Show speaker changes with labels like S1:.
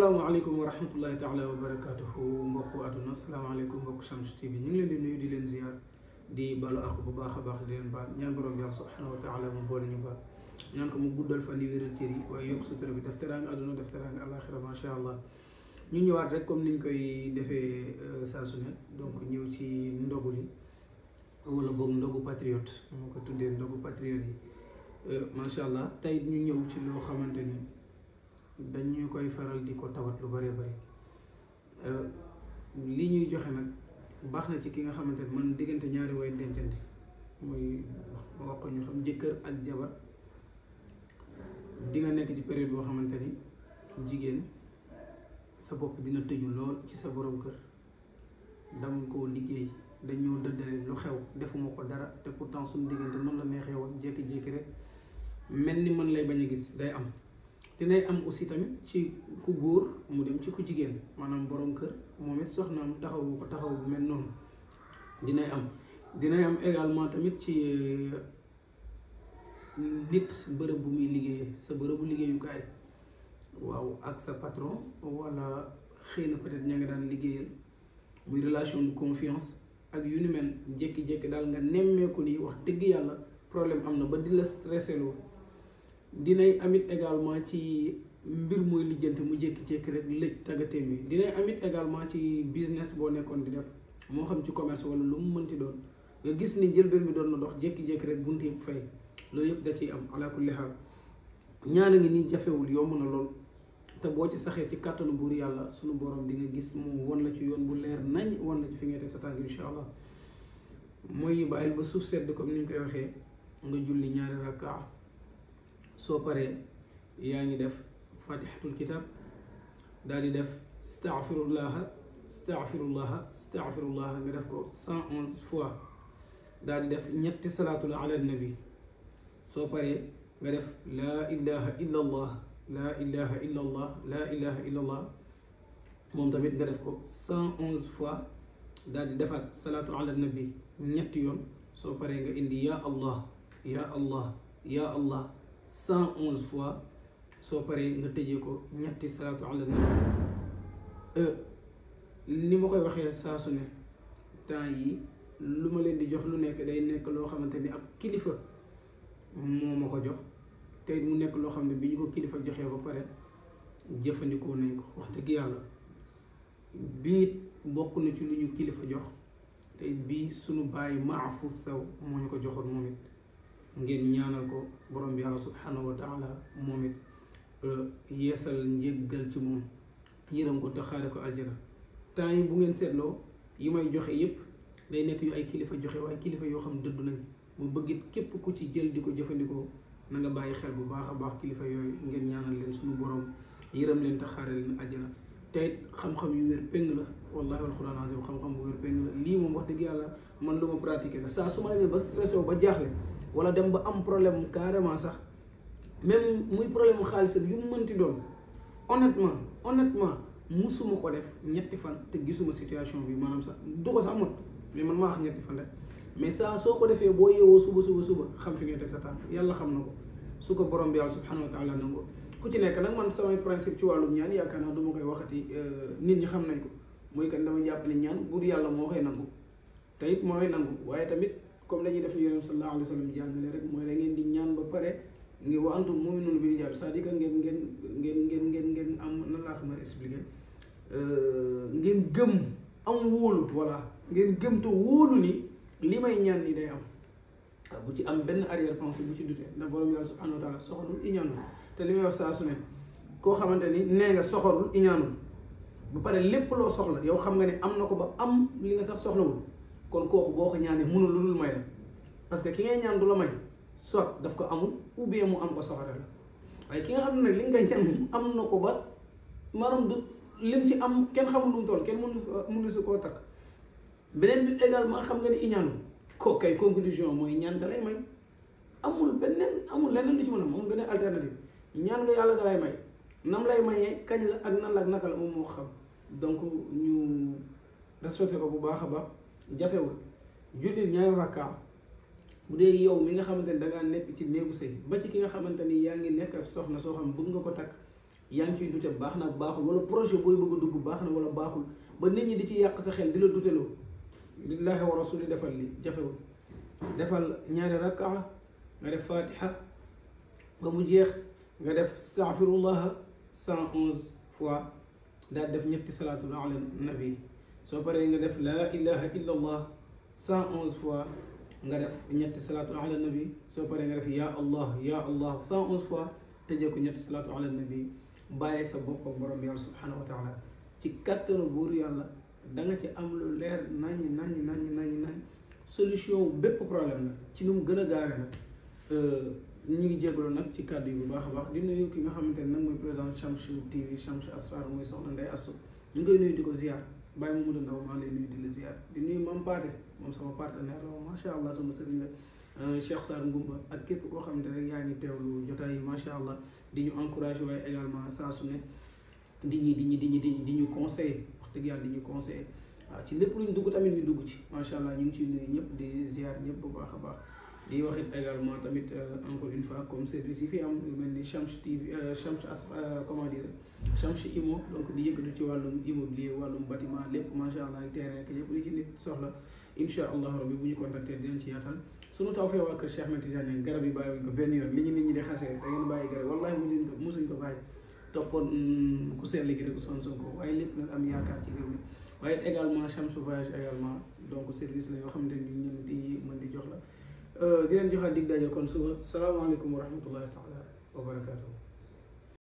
S1: السلام عليكم ورحمة الله تعالى وبركاته مبكو أدونا السلام عليكم مبكو شمس تي في نجلي لنيو دي لنزيار دي بالو أخو بابا خبا خلين بار نيان كرو بيال سبحانه وتعالى مبولي نيو بار نيان كمو قدل فاني ويرل تيري ويوك ستر بي دفتران أدونا دفتران الأخرة ما شاء الله نيو نيوار رك كم نين كوي دفي ساسونة دونك نيو تي ندوغولي أولا بوم ندوغو باتريوت مكتو دين ندوغو باتريوتي ما شاء الله تايد نيو نيو تي لو خامنتني dañuy koy faral di ko tawat lu bëree bëri euh, li ñuy joxe nag baax na ci ki nga xamante ni man diggante ñaari way dencante muy wax ñu xam jëkkër ak jabar di nga nekk ci période boo xamante ni jigéen sa bopp dina tëju lool ci sa boroom kër dama koo liggéey dañoo dëddale lu xew defuma ko dara te pourtant suñu diggante mën la neexee woon jékki-jékki rek mel ni mën lay bañ a gis day am dinay am aussi tamit ci ku góor mu dem ci ku jigéen maanaam borom kër moom it soxnaam taxaw ko taxaw bu mel noonu dinay am dinay am également tamit ci euh, nit bërëb bu muy liggéey sa bërëbu liggéeyukaay waaw ak sa patron wala xëy na peut-être ña nga daan liggéeyal muy relation de confiance ak yu nu mel jékki-jékki daal nga nemmeeku ni wax dëgg yàlla problème am na ba di la stressé dinay amit également ci mbir muy lijjanti mu jékki-jékki rek lëj tàggatee mi dinay amit également ci business boo nekkoon di def moo xam ci commerce wala lu mu mënti doon nga gis ni njëlbeen mi doon na dox jékki-jékki rek bunte yëpp fay loolu yëpp da ciy am ala kulli haal ñaan a ngi nii jafewul yomb na lool te boo ci saxee ci kàttanu buur yàlla sunu borom di nga gis mu won la ci yoon bu leer nañ wan la ci fi ngay teg sa tànk incha allah mooy bàyyil ba suuf sedd comme ni koy waxee nga julli ñaari rakkaa so paré yaa def fatihatul kitab daal def staafirullaha staafirullaha staafirullaha nga def ko cent fois daal def ñetti salaatul ala nabi so paré nga def laa ilaha illallah la ilaha illallah la laa ilaha illa allah moom tamit nga def ko cent fois daal di defaat ala nabi ñetti yoon soo paree nga indi yaa allah ya allah ya allah cent onze fois soo paree nga tëjee ko ñetti salaatu ala nabi li euh, ma koy waxee saa su ne temps yi lu ma leen di jox lu nekk day nekk loo xamante ni ab kilifa moo ma ko jox te mu nekk loo xam ne bi ñu ko kilifa joxe ba pare jëfandikoo nañ ko wax dëgg yàlla biit bokk na ci lu ñu kilifa jox te bii sunu bàyyi maafu sew moo ñu ko joxoon moom it ngeen ñaanal ko borom bi yàlla subhanahu wa moom it yeesal njëggal ci moom yërëm ko te ko aljana temps yi bu ngeen seetloo yi may joxe yépp day nekk yu ay kilifa joxe waaye kilifa yoo xam dëddu nañ mu bëggit képp ku ci jël di ko jëfandikoo na nga bàyyi xel bu baax a baax kilifa yooyu ngeen ñaanal leen suñu borom yërëm leen te xaare leen aljana te xam-xam yu wér péng la wallahi wal quran azim xam-xam bu wér péng la lii moom wax dëgg yàlla man lu ma pratiqué la saa su ma demee ba stressé ba jaaxle wala dem ba am problème carrément sax même muy problème xaliss yu mu mënti doon honnêtement honnêtement musuma ko def ñetti fan te gisuma situation bi manam sax du ko sax mot mais man ma wax ñetti fan rek mais sa soo ko defee boo yeewoo suba suba suba xam fi ngay tek sa tan yalla xam nako ko su ko borom bi yalla subhanahu wa taala nango ku ci nek nak man sama principe ci walu ñaan koy waxati euh, nit ñi xam nañ ko moy kan dama japp ni ñaan bur yalla mo xey nangu tayit it nangu tamit comme lañuy def li yonam sallallahu alaihi wasallam sallam jàngale rek moy da ngeen di ñaan ba paré ngi wa antum muminun bi jaab sa di ko ngeen ngeen ngeen ngeen ngeen ngeen am nan la ko mën a expliquer euh, ngeen gëm am wóolu voilà ngeen gëm to wolu ni limay ñaan ni day am bu ci am ben arrière pensée bu ci dute ndax borom yàlla subhanahu wa taala soxorul iñaanul te li wax sa su ne koo xamante ni nga soxorul iñanu ba paré lepp lo soxla yow xam nga ne am nako ba am li nga sax soxla soxlawul kon kooku boo ko ñaanee mënul lu dul may la parce que ki ngay ñaan du la may soit daf ko amul ou bien mu am ko soxare la waaye ki nga xam ne nag li nga ñaan am na ko ba maanaam du lim ci am kenn xamul nu mu kenn mënu mënu si koo takk beneen bi également xam nga ni iñaanu ko kay conclusion mooy ñaan dalay may amul beneen amul leneen lu ci mën a amul beneen alternative ñaan nga yàlla dalay may nam lay mayee kañ la ak nan la ak naka la moom moo xam donc ñu respecté ko bu baax a baax. jafewul julli ñaari rakka bu dee yow mi nga xamante ni dangaa nekk ci néegu sëy ba ci ki nga xamante ni yaa ngi nekk soxna soo xam bëgg nga ko takk yaa ngi ciy dute baax na baaxul wala projet booy bëgg a dugg baax na wala baaxul ba nit ñi di ci yàq sa xel di la duteloo lillahi wa rasuli defal li jafewul defal ñaari rakka nga def fatiha ba mu jeex nga def astaghfirullah cent onze fois daal def ñetti salaatul ala nabi so paré nga def la ilaha illa allah 111 fois nga def ñetti salaatu ala nabi so paré nga def ya allah ya allah 111 fois te jeku ñetti salaatu ala nabi baye sa bokk ak borom yàlla subhanahu wa taala ci kattanu bur yàlla da nga ci am lu leer nañ nañ nañ nañ nañ solution bépp problème na ci num gëna gën a euh nag ñu ngi jégalu nak ci cadre yi bu baax baax di nuyu ki nga xamanteni nak moy président Shamsu TV Shamsu Asfar moy soxna Ndey Assou ñu ngi nuyu diko ziar. Baye Mamadou Ndaw maa ngi lay nuyu di la ziar di nuyu Mame Pathé moom sama partenaire la macha allah sama sëriñ la euh, Cheikh Sarr Ngumba ak képp koo xam ne rek yaa ngi teewlu jotaay yi macha allah di ñu encouragé waaye également saa su ne di ñu di ñu di ñu di ñu conseillé wax dëgg yàlla di ñu conseillé waaw ci lépp luñ dugg tamit ñu dugg ci macha allah ñu ngi ciy nuyu ñëpp di ziar ñëpp bu baax a baax. di waxit également tamit euh, encore une fois comme service yi fi am yu mel ni Chamch euh, TV Chamch as euh, comment dire Chamch Imo donc di yëkkatu ci wàllum immobilier wàllum bâtiment lépp macha allah terrain ak yëpp li ci nit soxla incha allah rabbi bu ñu contacter dinañ ci su sunu taw fee waa kër Cheikh Ahmed Tidiane garab yi bàyyi ko benn yoon li ñu nit ñi di xasee da ngeen bàyyi garab wallaahi musuñ ko musuñ ko bàyyi toppoon mm, ku seet léegi rek Ousmane Sonko waaye lépp nag am ci réew waaye également Chamch voyage également donc service la yoo xam ne ñu leen di mën di jox la Euh, di leen joxal dig daje kon suba salaamaaleykum wa rahmatullahi taala wa barakaatu.